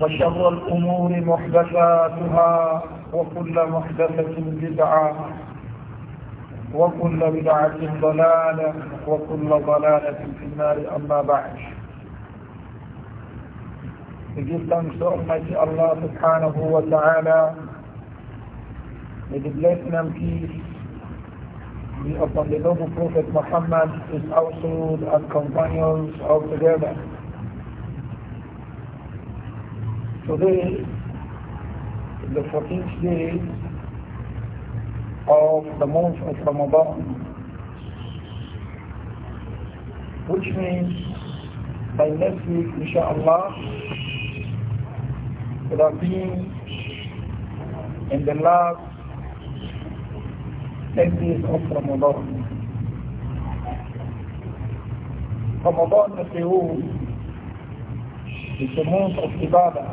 وشر الأمور محدثاتها وكل محدثة بدعة وكل بدعة ضلالة وكل ضلالة في النار أما بعد جدا سؤمة الله سبحانه وتعالى نجد لكنا مكيس The upon the Prophet Muhammad is also the companions of the Gerber. Today, the 14th day of the month of Ramadan, which means by next week, inshaAllah, it will have been in the last 10 days of Ramadan. Ramadan is the month of Ibadah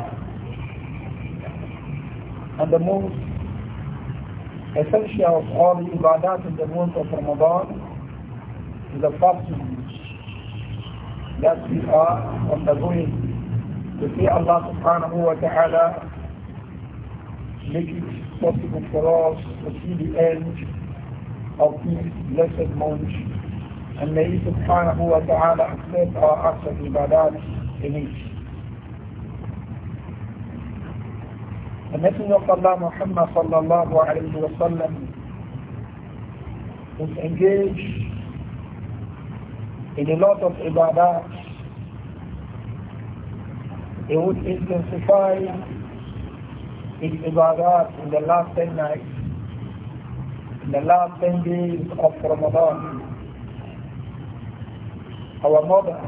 and the most essential of all the ibadat in the month of Ramadan is the fasting that we are undergoing to see Allah subhanahu wa ta'ala make it possible for us to see the end of this blessed month and may subhanahu wa ta'ala accept our acts of ibadat in it. The Messenger of Allah Muhammad sallallahu alayhi wa sallam is engaged in a lot of ibadat. He would intensify his ibadat in the last 10 nights, in the last 10 days of Ramadan. Our mother,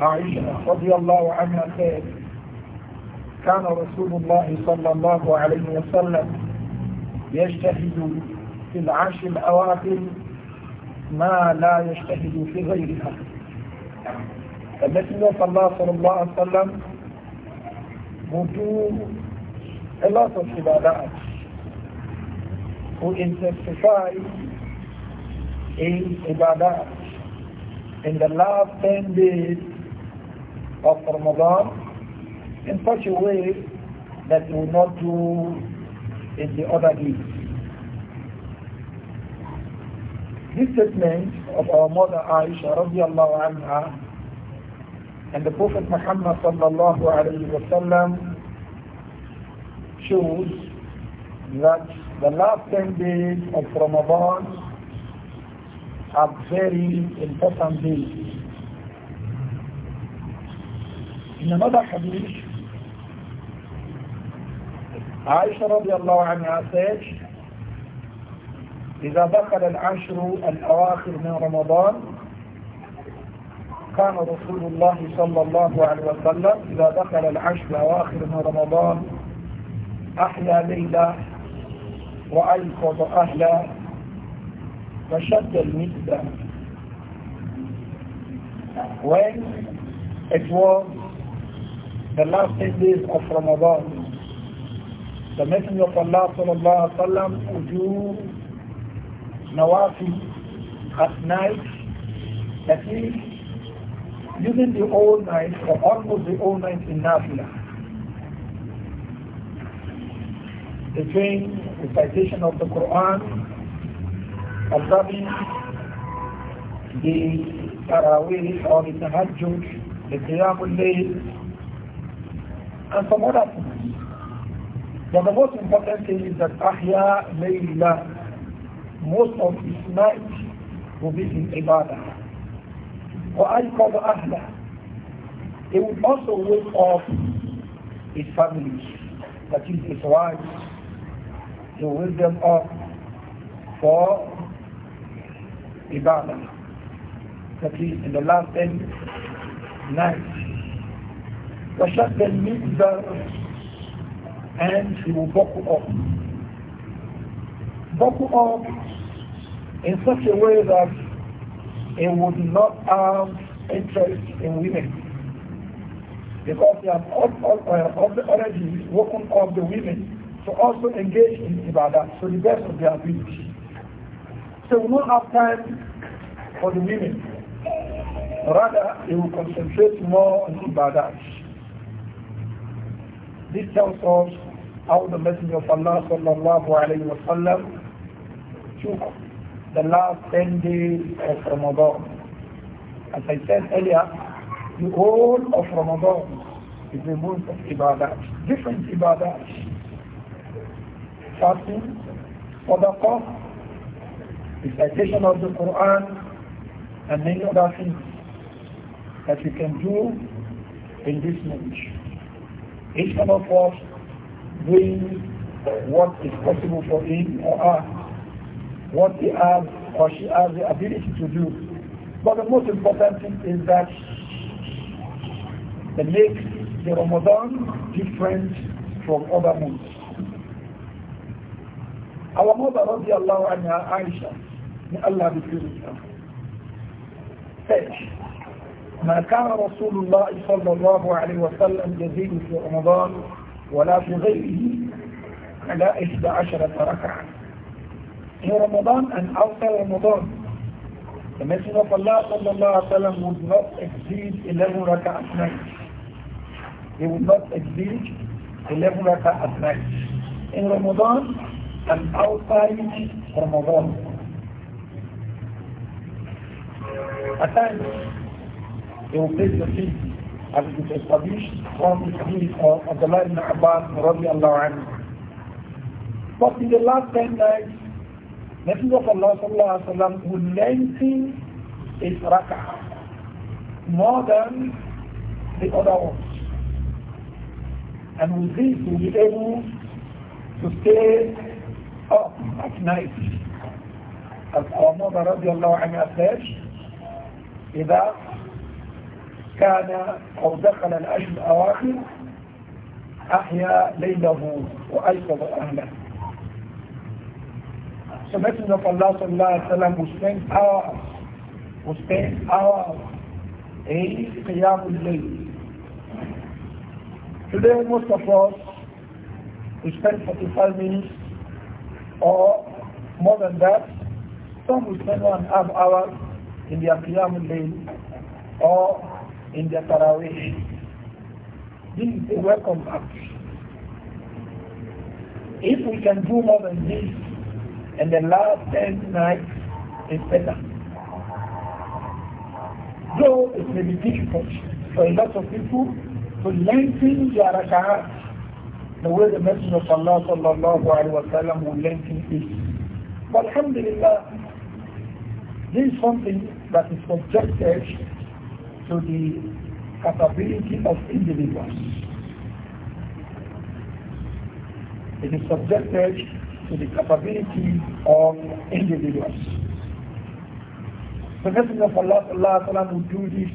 Aisha radiallahu anha said, كان رسول الله صلى الله عليه وسلم يجتهد في العشر الأواخر ما لا يجتهد في غيرها التي صلى الله صلى الله عليه وسلم بدون علاقة العبادات وintensify his ibadat in the last 10 days of Ramadan in such a way that you will not do in the other deeds. This statement of our mother Aisha radiallahu anha and the Prophet Muhammad sallallahu alayhi wa sallam shows that the last 10 days of Ramadan are very important days. In another hadith, عائشة رضي الله عنها said, إذا دخل العشر الأواخر من رمضان كان رسول الله صلى الله عليه وسلم إذا دخل العشر الأواخر من رمضان أحلى ليلة وألقض أهلا وشد المدة When it was the last 10 days of Ramadan The Messenger of Allah sallallahu alaihi wasallam would do nawafi at night, at least using the whole night or almost the whole night in nafila. Between recitation of the Quran, observing the Taraweeh or the Tahajjud, the Qiyamul Layl, and some other things. But the most important thing is that Ahya Layla, most of his night will be in Ibadah. Or I call Ahla. He would also wake up his family, that is his wife. to wake them up for Ibadah. That is in the last ten nights. وشد المئزر and he will buckle up. Buckle up in such a way that it would not have interest in women. Because they have uh, already woken up the women to also engage in Ibadah to the best of their ability. So we won't have time for the women. Rather, they will concentrate more on Ibadah. This tells us how the Messenger of Allah sallallahu alayhi wa sallam took the last 10 days of Ramadan. As I said earlier, the whole of Ramadan is a month of ibadah, different ibadat. Fasting, sadaqah, recitation of the Quran, and many other things that we can do in this month. Each one of us doing what is possible for him or her, what he has or she has the ability to do. But the most important thing is that they make the Ramadan different from other months. Our mother, radiallahu anha, Aisha, may Allah be pleased with her, said, ما كان رسول الله صلى الله عليه وسلم يزيد في رمضان ولا في غيره على إحدى عشرة ركعة في رمضان أن أوقع رمضان كما سبب صلى الله عليه وسلم would not exceed 11 ركعة أثنين he would not exceed 11 ركعة أثنين in رمضان أن أوقع رمضان أثنين he will take the feet as it is established from the hadith of Abdullah ibn Abbas radiallahu anhu. But in the last ten nights, Messenger of Allah sallallahu alayhi wa sallam would lengthen his rak'ah more than the other ones. And with this, we'll be able to stay up at night. As our mother radiallahu anha said, إذا كان أو دخل العشر الأواخر ليله وأيقظ أهله So Messenger of Allah sallallahu alayhi spend hours, in Today most of us, we spend 45 minutes or more than that. Some will spend one and a half hours in the afternoon, or in their Taraweeh. This is a welcome act. If we can do more than this and the last 10 nights is better. Though it may be difficult for a lot of people to lengthen their rak'ahs the way the Messenger of Allah sallallahu alayhi wa sallam will lengthen it. But alhamdulillah, this is something that is subjected to the capability of individuals. It is subjected to the capability of individuals. The Messenger of Allah, Allah would do this.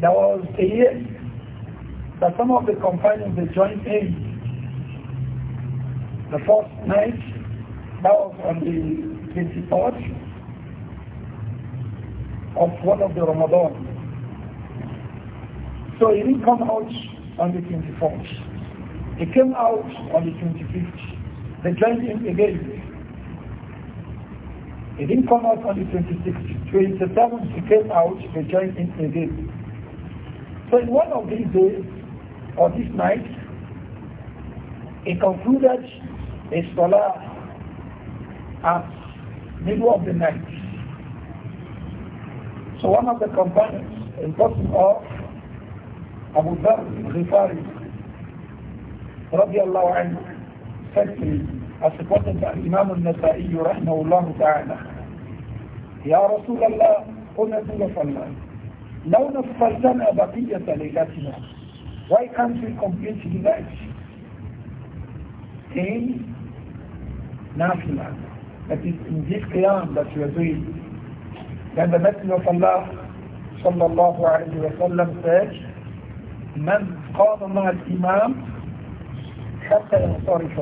There was a year that some of the companions they joined in. The first night, that was on the 24th, of one of the Ramadan. So he didn't come out on the 24th. He came out on the 25th. They joined him again. He didn't come out on the 26th. 27th he came out, they joined him again. So in one of these days, or this night, he concluded a salah at middle of the night. So one of the companions, in person of Abu Dhar Ghifari, radiallahu anhu, said to him, as reported by Imam al-Nasa'i, rahmahullah ta'ala, يا رسول الله قلنا رسول الله لو نفلتنا بقية ليلتنا why can't we complete the night in national, that is in this qiyam that we are doing لأن مثل صلى صلى الله عليه وسلم ساج من قام مع الإمام حتى ينصرف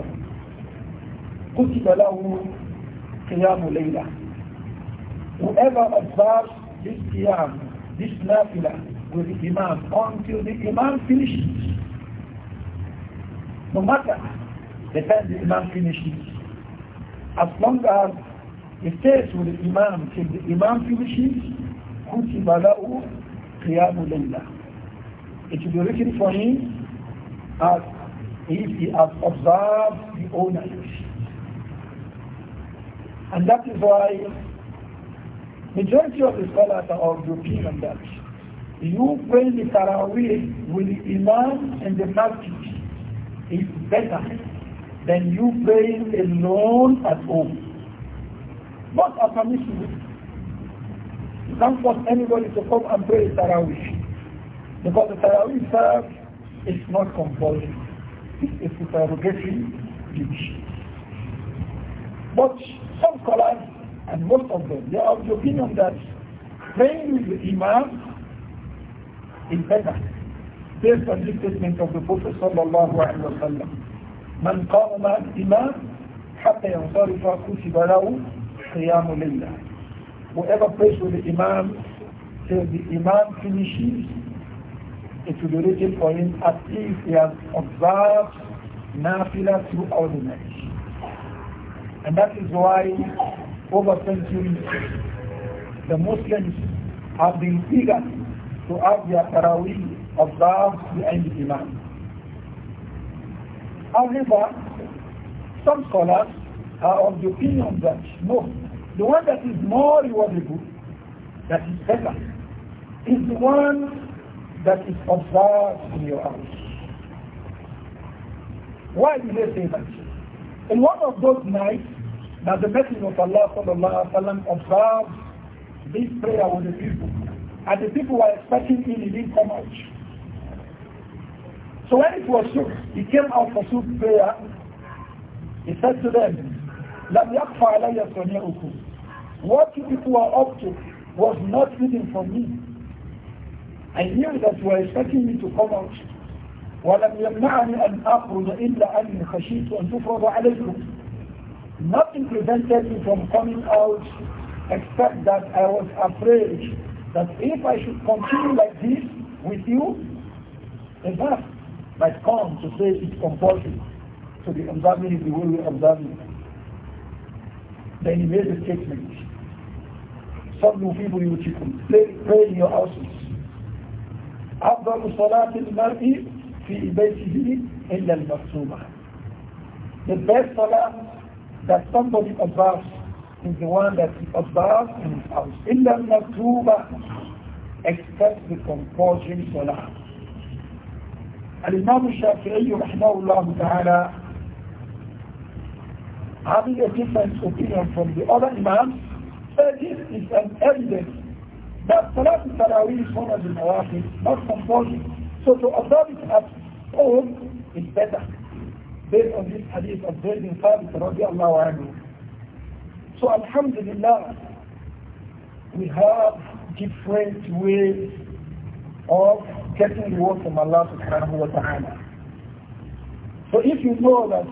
كتب له قيام ليلة whoever observes this qiyam this nafila with the imam until the imam finishes no matter the time the imam finishes as long as It says with the Imam till the Imam finishes, كُتِبَ لَهُ قِيَامُ لَيْلَةً It will be written for him as if he has observed the whole And that is why majority of the scholars are of the opinion that you pray the Taraweeh with the Imam and the Masjid is better than you praying alone at home. Both are permissible. do not want anybody to come and pray Tarawih. Because the Tarawih serve is not compulsory. It's a derogatory duty. But some scholars, and most of them, they are of the opinion that praying with the Imam is better. Based on this statement of the Prophet sallallahu alaihi wasallam, man qama imam حتى ينصرف كتب له قيام لله whoever prays with the imam till the imam finishes it will be written for him as if he has observed nafila throughout the night and that is why over centuries the Muslims have been eager to have their Taraweeh observed behind the Imam. However, some scholars are of the opinion that no, the one that is more rewardable, that is better, is the one that is observed in your house. Why did they say that? In one of those nights that the Messenger of Allah sallallahu alaihi wasallam observed this prayer with the people, and the people were expecting him, he didn't come out. So when it was Sukh, he came out for Sukh prayer, he said to them, لم يقف علي صنيعكم what you people are up to was not hidden from me. I knew that you were expecting me to come out. ولم يمنعني أن أخرج إلا أني خشيت أن تفرض عليكم. Nothing prevented me from coming out except that I was afraid that if I should continue like this with you, a verse might come to say it's compulsory to be observing the way we observe it. Then he made a statement. صلوا في بيوتكم pray in your houses أفضل صلاة المرء في بيته إلا المكتوبة The best salah that somebody observes is the one that he observes in his house. إلا المكتوبة except the compulsory salah. الإمام الشافعي رحمه الله تعالى having a different opinion from the other imams this is an evidence that Salat al-Tarawih is one of the Nawafis, not compulsory. So to observe it at home is better based on this hadith of Zayd bin Thabit radiallahu anhu. So alhamdulillah, we have different ways of getting the word from Allah subhanahu wa ta'ala. So if you know that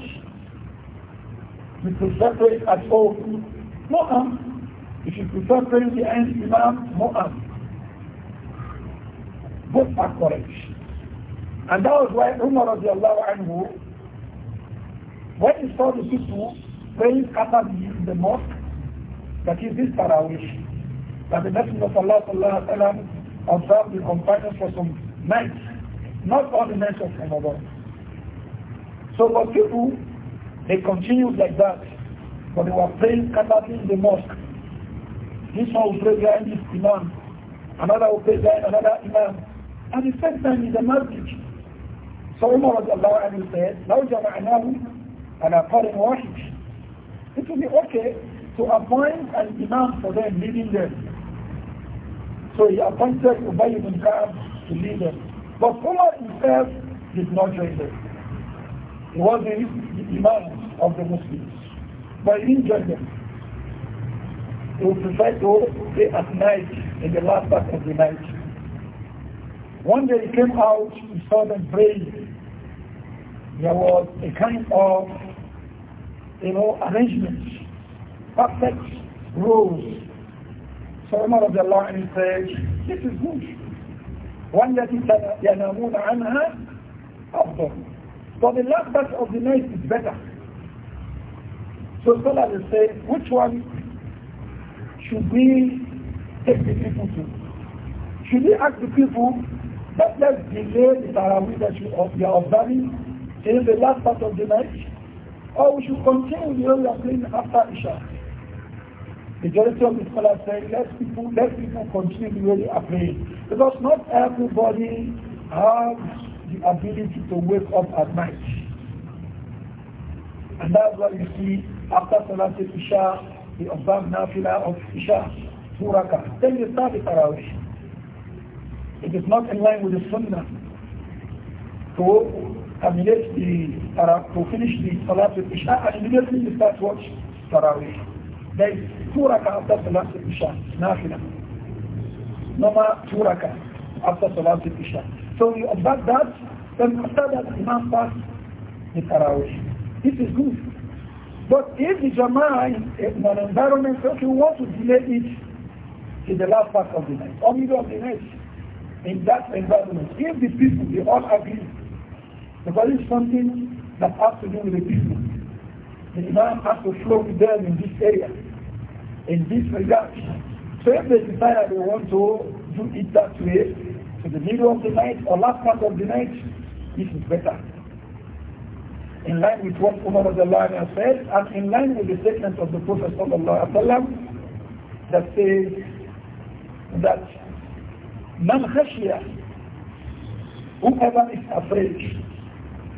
you could separate at all, no harm. If you prefer praying behind Imam Mu'am, both are correct. And that was why Umar radiallahu anhu, when he saw the people praying scattered the mosque, that is this Tarawish, that the Messenger of Allah sallallahu alayhi wa sallam observed the companions for some nights, not all the nights of Ramadan. So for people, they continued like that, but they were praying scattered in the mosque. This one will pray behind this imam. Another will pray behind another imam. And the same time is a marriage. So Umar said, لو جمعناه على قرن واحد. It will be okay to appoint an imam for them, leading them. So he appointed Ubay ibn Ka'ab to lead them. But Umar himself did not join them. He was not the imam of the Muslims. But he didn't join them. He will prefer to stay at night in the last part of the night. One day he came out, he saw them praying. There was a kind of, you know, arrangement, perfect rules. So Allah of the law said, this is good. One والتي ينامون عنها After, but the last part of the night is better. So scholars say, which one should we take the people to? Should we ask the people that let's delay the Tarawih that you are observing till the last part of the night? Or we should continue the way we after Isha? Majority of the scholars say let people let people continue the way they are praying. Because not everybody has the ability to wake up at night. And that's why you see after Salat Isha we observe nafila of Isha, two rakah. Then we start the Tarawih. It is not in line with the Sunnah to terminate the Tarawih, to finish the Salat with Isha and immediately we start watch Tarawih. There is two rakah after Salat with Isha, nafila. Number two rakah after Salat with Isha. So you observe that, then after that Imam starts the Tarawih. This is good. But if the jama'ah is in an environment that you want to delay it to the last part of the night or middle of the night, in that environment, if the people, they all agree, because it's something that has to do with the people, the imam has to flow with them in this area, in this regard. So if they decide that they want to do it that way, to the middle of the night or last part of the night, this is better in line with what Umar has said, and in line with the statement of the Prophet وسلم, that says that man خشي whoever is afraid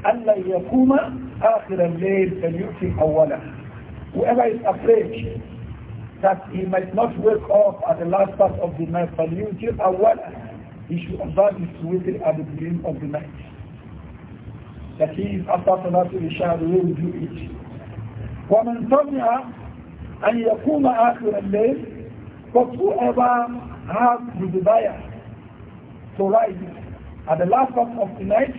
أن yakuma akhir آخر الليل فليؤتي أوله whoever is afraid that he might not wake up at the last part of the night فليؤتي أوله he should observe his waiting at the beginning of the night that is, after Salatul Isha, the way we do it. وَمَنْ طَمِعَ أَنْ يَقُومَ آخِرَ اللَّيْلِ But whoever has the desire to rise at the last part of the night,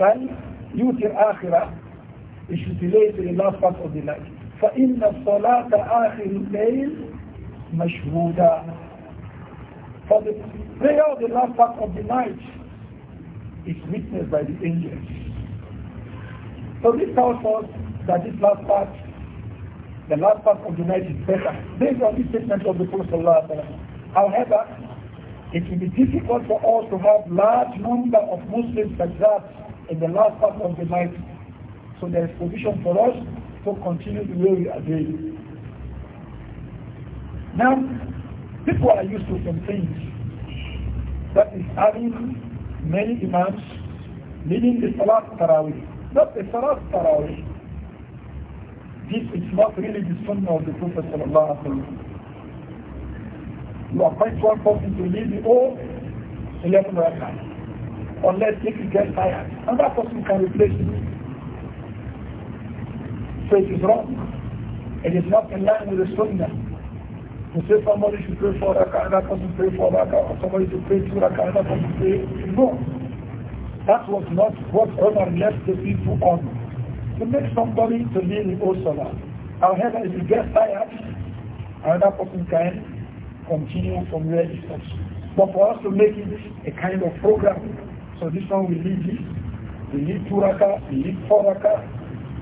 فَلْيُوتِرْ آخِرَ It should delay to the last part of the night. فَإِنَّ الصَّلَاةَ آخِرِ اللَّيْلِ مَشْهُودًا For the prayer of the last part of the night is witnessed by the angels. So this tells us that this last part, the last part of the night is better based on the statement of the Prophet However, it will be difficult for us to have large number of Muslims like that in the last part of the night. So there is provision for us to continue the way we are doing. Now, people are used to some things that is having many imams leading the Salat Tarawih, not the Salat Tarawih. This is not really the Sunnah of the Prophet Sallallahu Alaihi Wasallam. You appoint one person to lead the whole 11 rakah unless he you get tired. And that person can replace him. So it is wrong. It is not in line with the Sunnah. To say somebody should pray for that kind, that person pray for that kind, somebody should pray to that kind, that person pray. No. That was not what Omar left the people on. To make somebody to leave the old However, if you get tired, another person can continue from where he stops. But for us to make it a kind of program, so this one will lead this, we need two raka, we need four raka.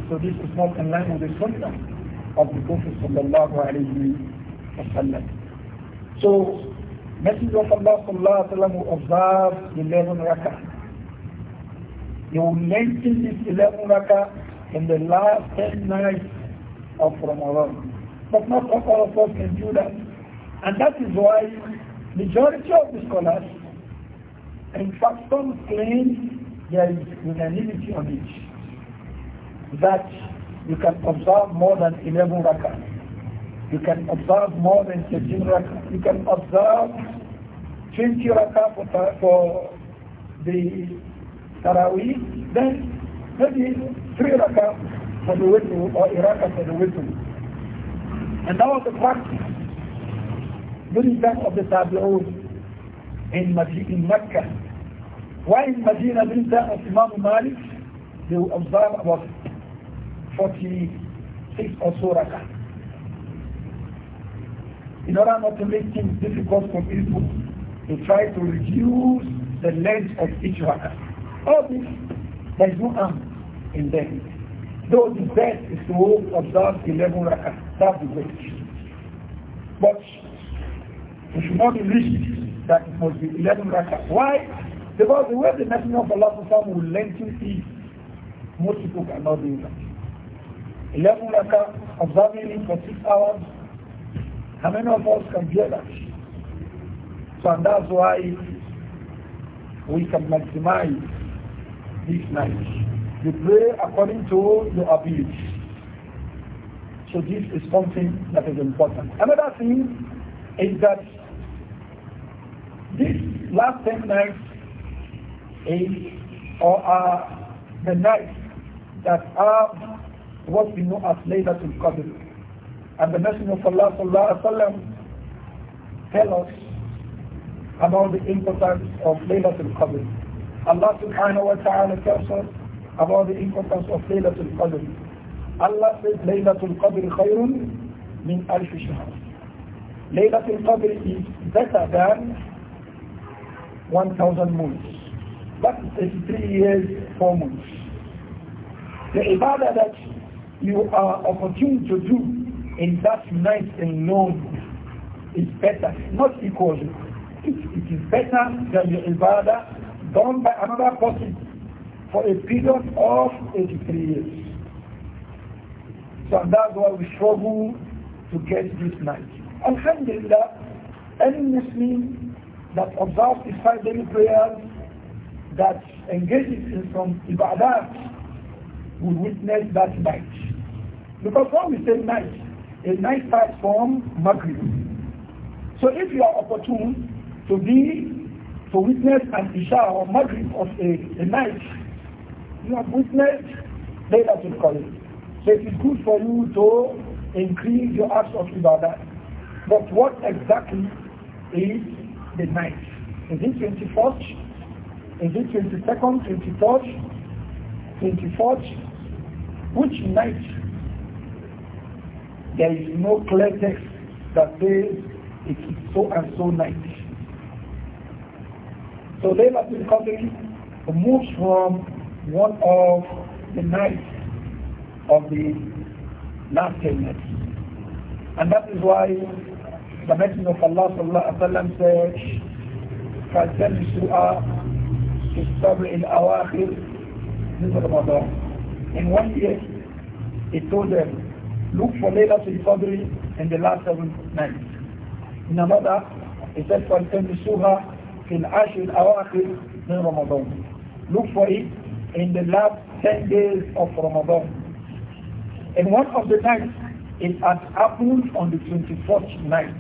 So this is not in line with the sunnah of the Prophet sallallahu alayhi so, Messenger of Allah sallallahu alayhi wa sallam will 11 rakah. He will lengthen this 11 rakah in the last 10 nights of Ramadan. But not all of us can do that. And that is why majority of the scholars, in fact some claim there is unanimity on it, that you can observe more than 11 rakah. You can observe more than 13 rakah. You can observe 20 rakah for, for the Taraweeh. Then maybe 3 rakah for the witr or iraqah for the witr. And that was the practice during time of the Tabi'un in, Maj- in Mecca. Why in Medina during time of Imam Malik? They observe about 46 or so rakah in order not to make things difficult for people, to try to reduce the length of each rakah. All this, there is no harm in them. Though the best is to observe 11 rakah, that's the best. But we should not be that it must be 11 rakah. Why? Because the way the Messenger of Allah will lengthen is, most people cannot do that. 11 rakah, observing it for 6 hours, how many of us can hear that? So and that's why we can maximize this night. You pray according to your ability. So this is something that is important. Another thing is that this last 10 nights is, or are the nights that are what we know as Laylatul Qadr. And the Messenger of Allah sallallahu tell us about the importance of Laylatul Qadr. Allah subhanahu wa ta'ala tells us about the importance of Laylatul Qadr. Allah says Laylatul Qadr khayrun min alf Laylatul Qadr is better than 1000 moons. That is 33 years, 4 months. The ibadah that you are opportune to do and that night alone is better, not because it is better than the ibadah done by another person for a period of 83 years. So that's why we struggle to get this night. Alhamdulillah, any Muslim that observes his five daily prayers, that engages in some ibadah, will witness that night. Because when we say night, a night time from Maghrib. So if you are opportune to be, to witness an Isha or Maghrib of a, a night, you have witnessed the Qadr. So it is good for you to increase your acts of Ibadah. But what exactly is the night? Is it twenty fourth? Is it 22nd, 23rd, 24th? Which night there is no clear text that says it is so and so night. So Laylatul Qadr moves from one of the nights of the last ten nights. And that is why the Messenger of Allah sallallahu alaihi wasallam said, فالتمسوا في السبع الأواخر من رمضان. In one year, he told them, look for Laylatul Qadr in the last seven nights. In another, it says, فَالْتَمِسُوهَا فِي الْعَشْرِ الْأَوَاخِرِ in Ramadan. Look for it in the last 10 days of Ramadan. And one of the nights, it had happened on the 24th night.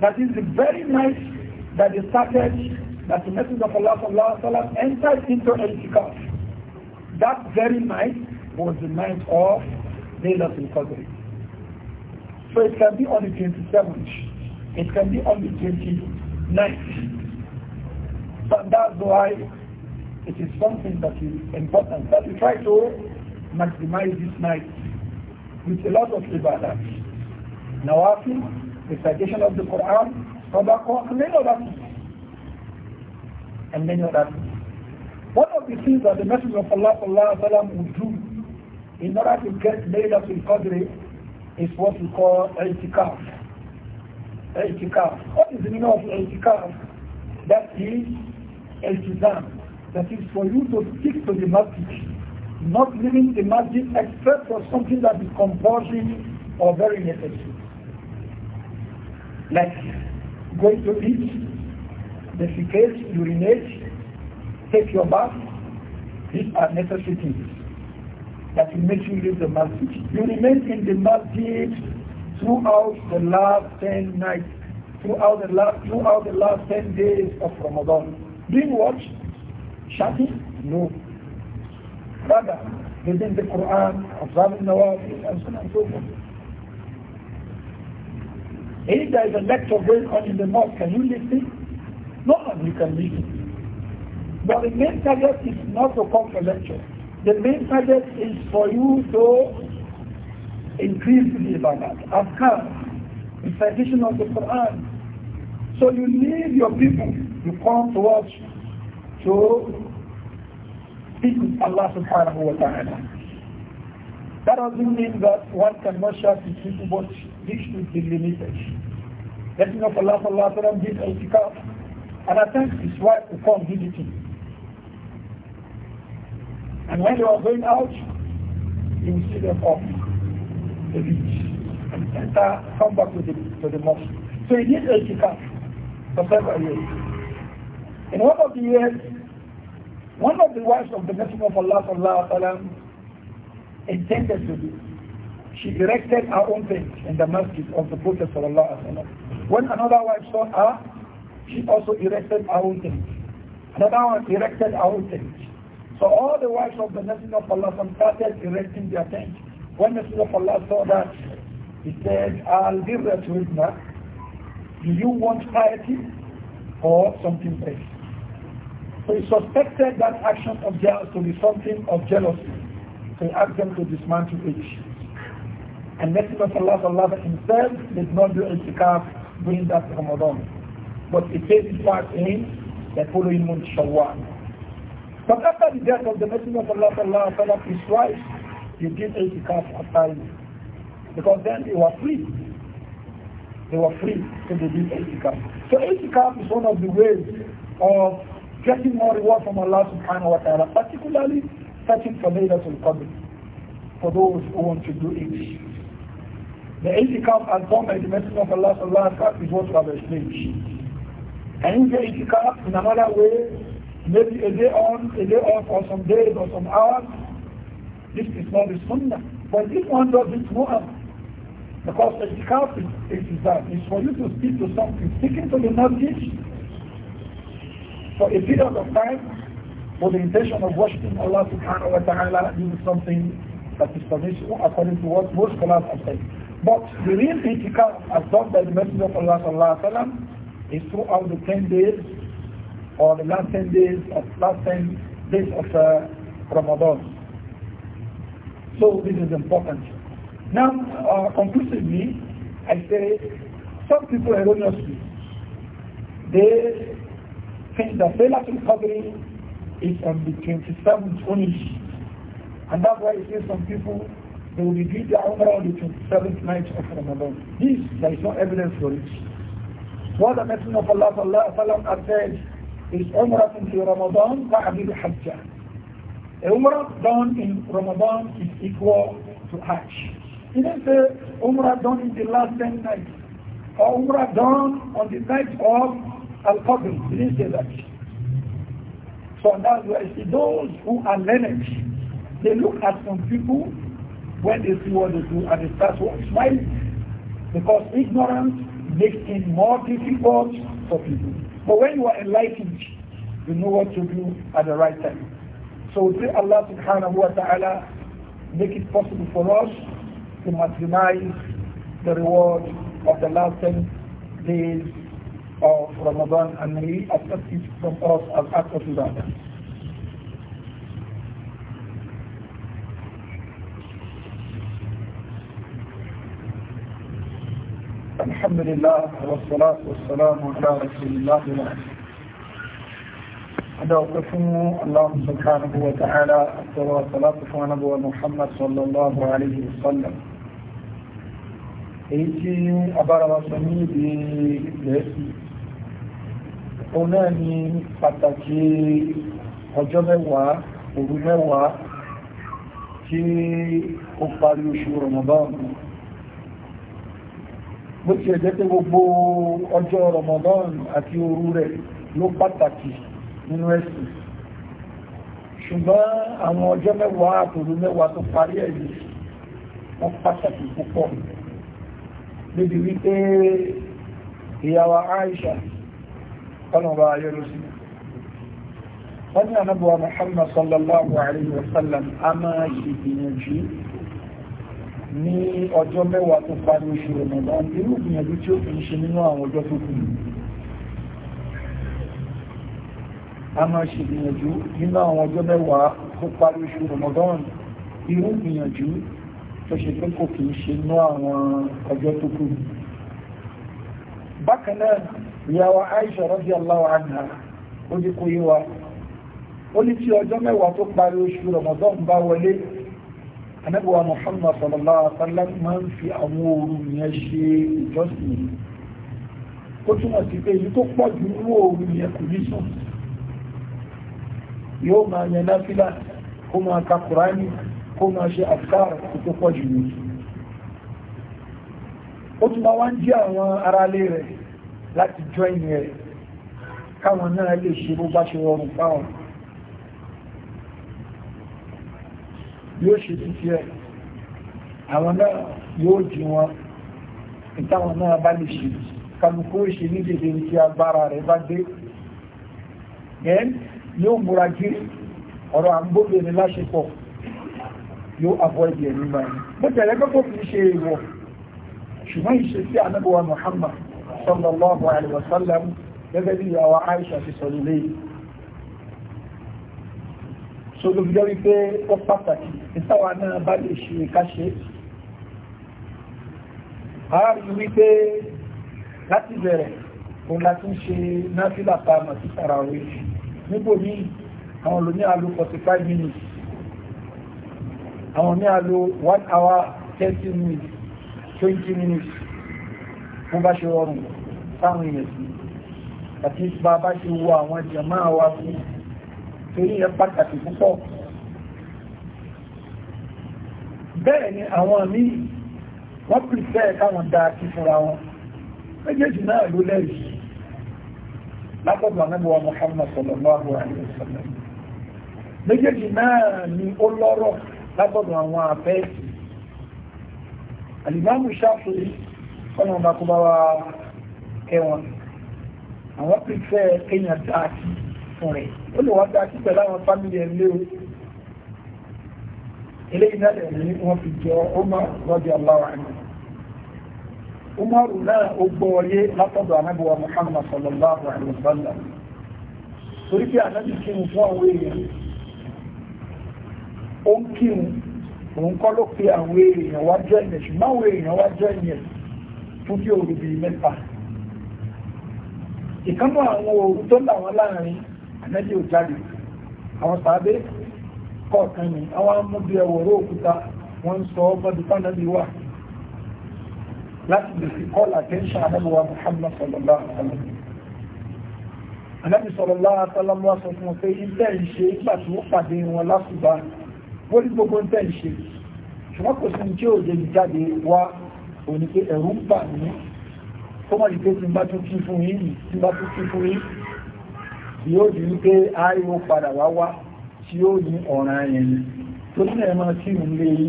That is the very night that the started, that the message of Allah sallallahu alayhi entered into Al-Itikaf. That very night was the night of Laylatul Qadr. So it can be on the 27th, it can be on the 29th. But that's why it is something that is important that we try to maximize this night with a lot of ibadah. Nawafil, recitation of the Quran, Sadaqah, and many other things. And many other things. One of the things that the Messenger of Allah sallallahu would do in order to get Laylatul Qadr is what we call i'tikaf. I'tikaf. What is the meaning of i'tikaf? That is i'tizam. That is for you to stick to the masjid. Not leaving the masjid except for something that is compulsory or very necessary. Like going to eat, defecate, urinate, take your bath. These are necessary things that will make you leave the masjid. You remain in the masjid throughout the last 10 nights, throughout the last, throughout the last 10 days of Ramadan. Doing what? Shouting? No. Rather, within the Quran, observing Nawafil, and so on and so forth. If there is a lecture going on in the mosque, can you listen? No one you can listen. But the main target is not to come for lecture. The main target is for you to increase the ibadat, afkar, recitation of the Quran. So you leave your people, you come to us to speak with Allah subhanahu wa ta'ala. That doesn't mean that one cannot share with people, but this should be limited. know if Allah Subhanahu wa Taala. did al and I thank his wife to come visiting. And when they are going out, you will see them off the beach and enter, come back to the, to the mosque. So he did itikaf for several years. In one of the years, one of the wives of the Messenger of Allah sallallahu alaihi intended to do. She erected her own tent in the masjid of the Prophet sallallahu alaihi wasallam. When another wife saw her, she also erected her own tent. Another one erected her own tent. So all the wives of the Messenger of Allah started erecting their attention. When the Messenger of Allah saw that, he said, I'll give that to now. Do you want piety or something else? So he suspected that action of theirs to be something of jealousy. So he asked them to dismantle it. And Messenger of Allah Allah himself did not do itikaf during that Ramadan. But it takes part in the following month Shawwal. But after the death of the Messenger of Allah, Allah, Allah his wife, you did itikaf at times Because then they were free. They were free, so they did itikaf. So itikaf is one of the ways of getting more reward from Allah subhanahu wa ta'ala, particularly searching for Laylatul public, for those who want to do it. The itikaf as done by the Messenger of Allah Allah alaihi is what we have explained. And in the itikaf, in another way, maybe a day on, a day off, or some days or some hours. This is not the sunnah. But this one does it more, because the itikaf is, is that, it's for you to speak to something, speaking to the knowledge for a period of time for the intention of worshiping Allah subhanahu wa ta'ala using something that is permissible according to what most scholars have said. But the real itikaf as done by the Messenger of Allah sallallahu Alaihi wa is throughout the 10 days or the last 10 days of last 10 days of uh, Ramadan. So this is important. Now, uh, conclusively, I say some people erroneously they think that Laylatul Qadr is on the 27th only, and that's why you see some people they will be doing their Umrah on the 27th night of Ramadan. This there is no evidence for it. What the Messenger of Allah Allah, Allah, wasallam said is Umrah in Ramadan بعد Hajj? Umrah done in Ramadan is equal to Hajj. It is did Umrah done in the last 10 nights or Umrah done on the night of Al-Qadr. He didn't say that. So that's why I see those who are learned, they look at some people when they see what they do and they start smiling because ignorance makes it more difficult for people. But when you are enlightened, you know what to do at the right time. So we pray Allah subhanahu wa ta'ala make it possible for us to maximize the reward of the last 10 days of Ramadan and may accept it from us as act of ibadah. الحمد لله والصلاة والسلام على رسول الله أدعوكم الله سبحانه وتعالى أكثر صلاتكم على نبوة محمد صلى الله عليه وسلم èyí tí abára wa sọ ní èdè gẹ̀ẹ́sì òun náà ni pàtàkì ọjọ́ òru mẹ́wàá tí ó parí oṣù Ramadan bó ti ẹ̀jẹ́ pé gbogbo ọjọ́ Ramadan àti òru rẹ̀ ló pàtàkì nínú ẹ̀sìn ṣùgbọ́n àwọn ọjọ́ mẹ́wàá àtòru mẹ́wàá tó parí ẹ̀yìn wọ́n pàtàkì púpọ̀ níbi wípé ìyàwó Aisha ọlọ́ba ayọ́rọ̀ sí wọ́n ní ànábọ̀wà Muhammad sallallahu alaihi wasallam a máa ṣe ìgbìyànjú ní ọjọ́ mẹ́wàá tó parí oṣù ọ̀nàdá irú ìgbìyànjú tí ó fi ń ṣe nínú àwọn ọjọ́ tó kù a máa ṣe ìgbìyànjú nínú àwọn ọjọ́ mẹ́wàá tó parí oṣù Ramadan irú ìgbìyànjú tó ṣe pé kò kìí ṣe nínú àwọn ọjọ́ tó kù bákan náà ìyàwó Aisha radiyallahu anha ó dé kó yé wa ó ní tí ọjọ́ mẹ́wàá tó parí oṣù Ramadan bá wọlé anábíwá Muhammad sallallahu alaihi wa sallam máa ń fi àwọn òru yẹn ṣe ìjọsìn ó túmọ̀ sí pé èyí tó pọ̀ jù ní òru yẹn kò ní sùn yóò máa yẹn náfílà kó máa ka kùránì kó máa ṣe àfikàr kó tó pọ̀ jù ní ó túmọ̀ wá ń jí àwọn aráalé rẹ̀ láti join rẹ̀ káwọn náà lè ṣe bó bá ṣe rọrùn fáwọn yóò ṣe títí ẹ̀ àwọn náà yóò jí wọn ìtàwọn náà bá lè ṣe kálukú ṣe ní dèdè tí agbára rẹ̀ bá dé ẹn yóò múra gírí ọ̀rọ̀ àgbóbìnrin láṣepọ̀ yóò avoid ẹ̀ nígbà yìí bó tẹ̀lé kókó fi ṣe èèwọ̀ ṣùgbọ́n ìṣe sí anábọ̀wà Muhammad sallallahu alaihi wasallam gẹ́gẹ́ bí àwọn Aisha ti sọ lélẹ́yìí so ló fi jẹ́ wípé ó pàtàkì ìtawà náà bá lè ṣe káṣe àárín wípé láti bẹ̀rẹ̀ òun la tún ṣe náfílà ta mọ̀ sí sàràwé nígbò ní àwọn olóní àlò 45 minutes àwọn ní àlò 1 hour 30 minutes 20 minutes fún bá ṣe rọrùn sáwọn ìrẹsì àti bá bá ṣe wo àwọn jẹ̀máà wa fún torí yẹn pàtàkì púpọ̀ bẹ́ẹ̀ ni àwọn míì wọ́n pìfẹ́ káwọn da kí fúnra wọn méjèèjì náà ló lẹ́rìí lápọ̀dọ̀ anábọ̀wà Muhammad sallallahu alaihi wasallam méjèèjì náà ni ó lọ́rọ̀ lápọ̀dọ̀ àwọn àfẹ́ẹ̀sì alìmáàmù Ṣáfi'í ọ̀nà ọba kó bá wa kẹwọn àwọn pìfẹ́ kéèyàn dáàkì ó lè wọ́n dá sí pẹ̀lú àwọn o eléyìí náà lè ní wọ́n fi jọ Umar radiyallahu anhu Umar náà ó gbọ́ ọyé látọ̀dọ̀ anábíwá Muhammad sallallahu alaihi wa torí pé anábì kí n fún àwọn èèyàn ó ń kí n òun kọ́ ló àwọn èèyàn wá jẹ́ ṣùgbọ́n àwọn èèyàn wá jẹ́ fún mẹ́ta ìkánú àwọn làwọn láàrin ànábì ò jáde àwọn sàábé kọ̀ọ̀kan ni àwọn amúbi ẹ̀wọ̀rọ̀ òkúta wọ́n ń sọ ọgbọ́dù fánàbí wà láti lè fi call attention ànábì wa Muhammad sallallahu alaihi wa sallam ànábì sallallahu alaihi wa sallam wá sọ fún wọn pé iṣẹ́ ìṣe ìgbà tí wọ́n pàdé wọn lásùbà wọ́n ní gbogbo ń tẹ́ ṣùgbọ́n kò sí tí ó lè jáde wá òní pé ẹ̀rù ń bà mí kó má lè tí bá tún kí fún yín tí bá tún kí fún yín yóò di wípé ariwo padà wá wá tí ó ní ọ̀ràn ẹ̀yìn tó nílẹ̀ máa tí ń lé yí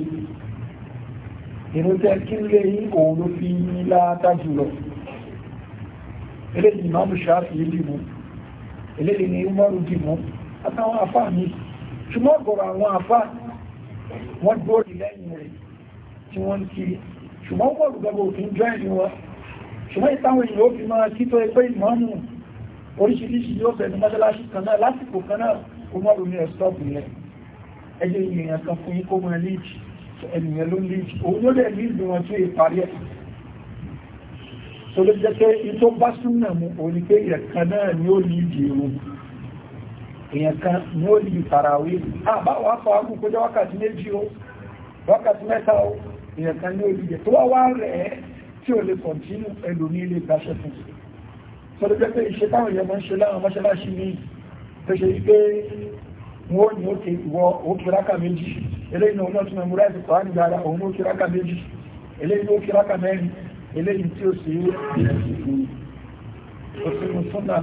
inú tẹ́ kí ń lé yí òun ló fi ní láátá jùlọ eléyìí ìmáàmù ṣáàfì dìbò eléyìí ni umaru dìbò àtàwọn afá mi ṣùgbọ́n ọ̀gọ̀rọ̀ àwọn afá wọ́n dóòrì lẹ́yìn rẹ̀ tí wọ́n ń kiri ṣùgbọ́n wọ́n gbogbo òfin jọ ẹ̀yìn wọn ṣùgbọ́n ìtàwọn èèyàn ó fi máa kí tó ẹgbẹ́ ìmáàmù oríṣiríṣi yóò fẹ́ ní mọ́ṣáláṣí kan náà lásìkò kan náà ó mọ́ yẹn ẹjẹ́ ènìyàn kan fún yín kó mọ ló líìjì òun ló dẹ̀ líìjì wọn tí ìparí ẹ̀ tó ló jẹ́ pé ìtó bá súnmọ̀ mu òun ni pé èèyàn kan náà ni ó líìjì ni ó líìjì tàràwí àbáwọ̀ afọ àgùn kó jẹ́ wákàtí méjì o wákàtí mẹ́ta o èèyàn kan ni ó líìjì tó wá wá rẹ̀ tí ò lè kọ̀ntínú ẹlòmí ilé ìgbàṣẹ́ fún sọ́dọ̀ jẹ́ pé iṣẹ́ táwọn èèyàn máa ń ṣe láwọn mọ́ṣáláṣí ní tó ṣe wípé wọ́n ní òkè ìwọ òkè ráka méjì eléyìn òun náà tún mẹ́mú láìsí kọ́ ní dára òun òkè méjì eléyìn òkè mẹ́rin eléyìn tí ó sì rí òsìnú súnà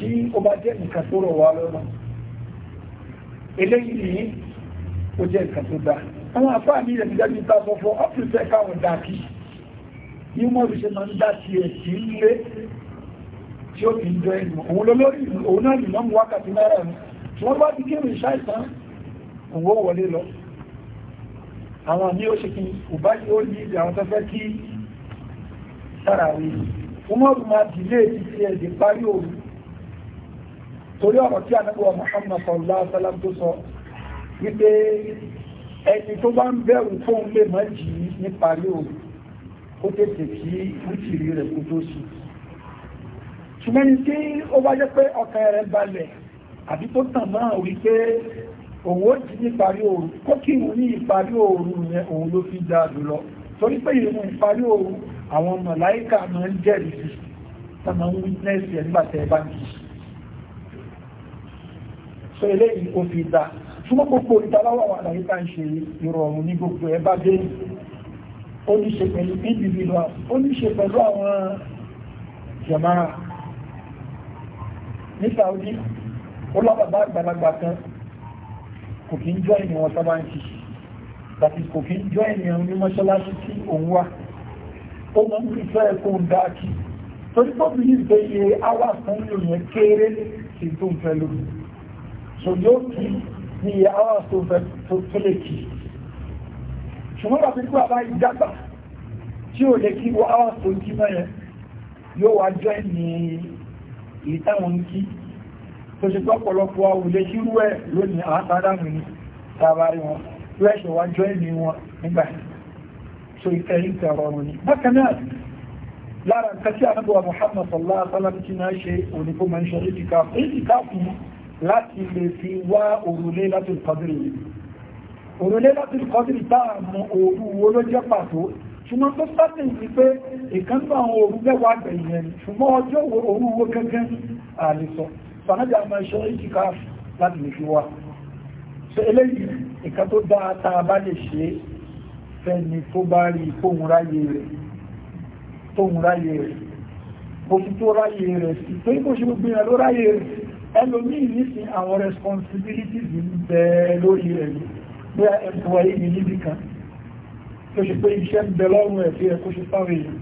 tí ó bá jẹ́ nǹkan tó rọ̀ wá lọ́rọ̀ eléyìí ó jẹ́ nǹkan tó dáa àwọn àfáà ní ìrẹ̀lẹ́ ní ta sọ fún ọ́pùsẹ́ káwọn dákì ní wọ́n fi ṣe ń dá ti ẹ̀ sí ilé tí ó fi ń jọ ẹnu òun lólórí òun náà nìyàn mú wákàtí náírà ní tí wọ́n bá ti kí ìrìn ṣáìsàn òun ó wọlé lọ àwọn àmì ó ṣe kí ìbá yóò ní ìdí àwọn tó fẹ́ kí sára rí wọ́n máa dìlé ti torí ọ̀rọ̀ tí a Muhammad sallallahu alaihi wasallam tó sọ wípé ẹni tó bá ń bẹ̀rù fóun lè má jì í níparí òru ó tètè kí wítìrí rẹ̀ kó tó sí ṣùgbọ́n ní tí ó bá jẹ́ pé ọkàn rẹ̀ balẹ̀ àbí tó tàn náà wípé òun ó jí níparí òru kó kí òun ní ìparí òru yẹn òun ló fi dáa jùlọ torí pé ìrìn ìparí òru àwọn mọ̀láíkà máa ń jẹ́rìí sí tàbí wítínẹ́sì ẹ̀ nígbà tẹ́ sọ eléyìí ó fi dá ṣùgbọ́n gbogbo ìdáláwà wà láyé tá ń ṣe ìrọ̀rùn ní gbogbo ẹ bá dé ó ní ṣe pẹ̀lú individual ó ní ṣe pẹ̀lú àwọn jàmáà ní Saudi ó lọ́bàbá àgbàlagbà kan kò kí ń jọ ènìyàn sábà ń ti, tàbí kò kí ń jọ ènìyàn ní mọ́ṣáláṣí tí òun wà ó mọ́ ní ìfẹ́ ẹ̀kọ́ ń dáàkì torí tó bí ní ìgbé iye hours tó kéré sí tó ń fẹ́ lórí so yóò kí ní iye hours tó fẹ́ tó lè kí ṣùgbọ́n bàbí pé àbá yìí dàgbà tí ò lè kí wọ hours tó kí mẹ́rin yóò wá jẹ́ ní ìtàwọn kí tó ṣe pọ́pọ̀lọpọ̀ àwùlé kí rú ẹ̀ lónìí àtàdàmù ní tàbárí wọn rẹ́ṣẹ̀ wá jẹ́ ní wọn nígbà so ìkẹyìn tẹ̀rọ ọ̀run ni bákan náà lára nǹkan tí àdúgbò Muhammad sallallahu alaihi wasallam ti náà ṣe òní kó máa ń ṣe ìtìkáfù láti lè fi wá òrùlé láti kọdìrì yìí òrùlé láti kọdìrì táà mọ òru wo ló jẹ́ pàtó ṣùgbọ́n tó sáté ní pé ìkan náà àwọn òru mẹ́wàá gbẹ̀yìn ẹni ṣùgbọ́n ọjọ́ òru wo gẹ́gẹ́ àlesọ sànájà máa ṣe ìjìká láti lè fi wá so eléyìí ìkan tó dáa tá a bá lè ṣe fẹ́ni tó bá rí tóhun ráyè rẹ̀ tóhun ráyè rẹ̀ bó fi tó ráyè rẹ̀ sí torí kò ṣe gbogbo ìyàn ló ráyè rẹ̀ ẹlòmíì nísìn àwọn responsibilities ń bẹ lórí rẹ̀ ní bí a ẹ̀kọ́ ayé ní níbi kan tó ṣe pé iṣẹ́ ń bẹ lọ́rùn ẹ̀ fi ẹ̀kọ́ ṣe fáwọn èèyàn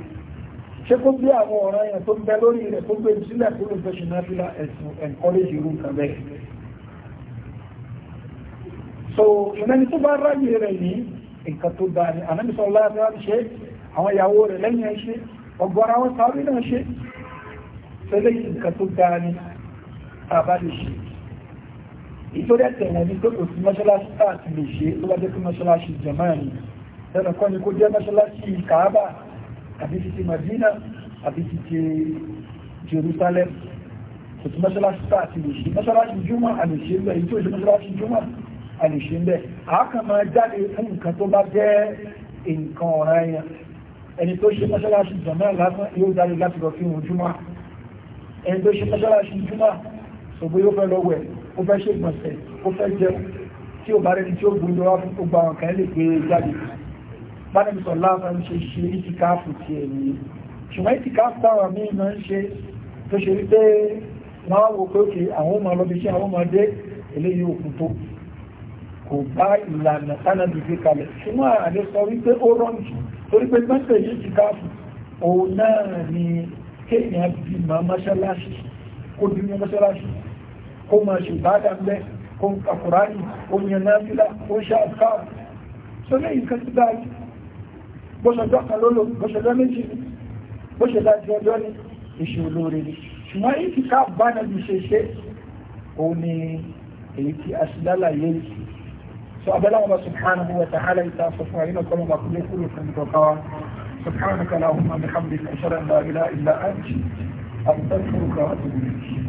ṣé kó gbé àwọn ọ̀ràn yẹn tó ń bẹ lórí rẹ̀ tó gbé sílẹ̀ kúrò tó ṣe náà fílà ẹ̀sùn encourage irú nǹkan bẹ́ẹ̀. so ìrẹni tó bá ráyè rẹ̀ ní nǹkan tó dáa ni àná sọ láti láti ṣe àwọn ìyàwó rẹ̀ lẹ́yìn ẹ̀ ṣe ọgbọ́n àwọn sáré náà ṣe tẹ́lẹ̀ nǹkan tó dáa ni àbá lè ṣe ìtòrí ẹ̀tẹ̀lẹ̀ ní pé kò sí mọ́ṣáláṣí àti lè ṣe tó bá jẹ́ pé mọ́ṣáláṣí jàmáà ni ẹnì kan ni kó jẹ́ mọ́ṣáláṣí kàábà àbí ti ti Madina àbí ti ti Jerusalem kò sí mọ́ṣáláṣí àti lè ṣe mọ́ṣáláṣí júmọ́ a lè ṣe ń bẹ̀ ìtò ìṣe mọ́ṣáláṣí júmọ́ a lè ṣe ń bẹ̀ àákan máa jáde fún nǹkan tó bá jẹ́ nǹkan ọ̀ràn ẹni tó ṣe mọ́ṣáláṣí jàmáà lásán yóò jáde láti lọ kí wọn júmọ́ ẹni tó ṣe mọ́ṣáláṣí júmọ́ ògbé yóò fẹ́ lọ́wẹ̀ ó fẹ́ ṣe ìgbọ̀nsẹ̀ ó fẹ́ jẹun tí ó bá rẹni tí ó gbé lọ́wọ́ fún gbogbo àwọn kan lè gbé e jáde bánàbí sọ láàfẹ́ ń ṣe ṣe ìtìkáàfù ti ẹ̀mí ṣùgbọ́n ìtìkáàfù táwọn míì máa ń ṣe tó ṣe rí pé wọ́n á wò pé òkè àwọn ọmọ lọ́bi iṣẹ́ àwọn ọmọ dé eléyìí òkun tó kò bá ìlànà tánàbí gbé kalẹ̀ ṣùgbọ́n àdé sọ wípé ó rọ́ǹjù torí pé gbọ́nsẹ̀ yìí ìtìkáàfù òun náà ni kéèyàn bí màá mọ́ṣáláṣí kó dúró mọ́ṣáláṣí kó máa ṣe ìbádà ń bẹ́ kó ń ka kùránì ó yan náfílà ó ṣe àká so lẹ́yìn kan ti dáa bóṣọjọ́ kan lólò bóṣọjọ́ méjì ni bóṣọjọ́ ti ọjọ́ ni iṣẹ́ olóore ni ṣùgbọ́n èyí ti ká bá náà ṣe ṣe òun ni èyí ti aṣílálà yé yìí so abẹ́lẹ́ wọn bá subhanahu wa ta'ala ìta sọ fún àyínà kọ́mọ́ bá kúlé kúrò fún ìtọ́káwá سبحانك اللهم بحمدك اشهد ان لا اله الا انت استغفرك واتوب اليك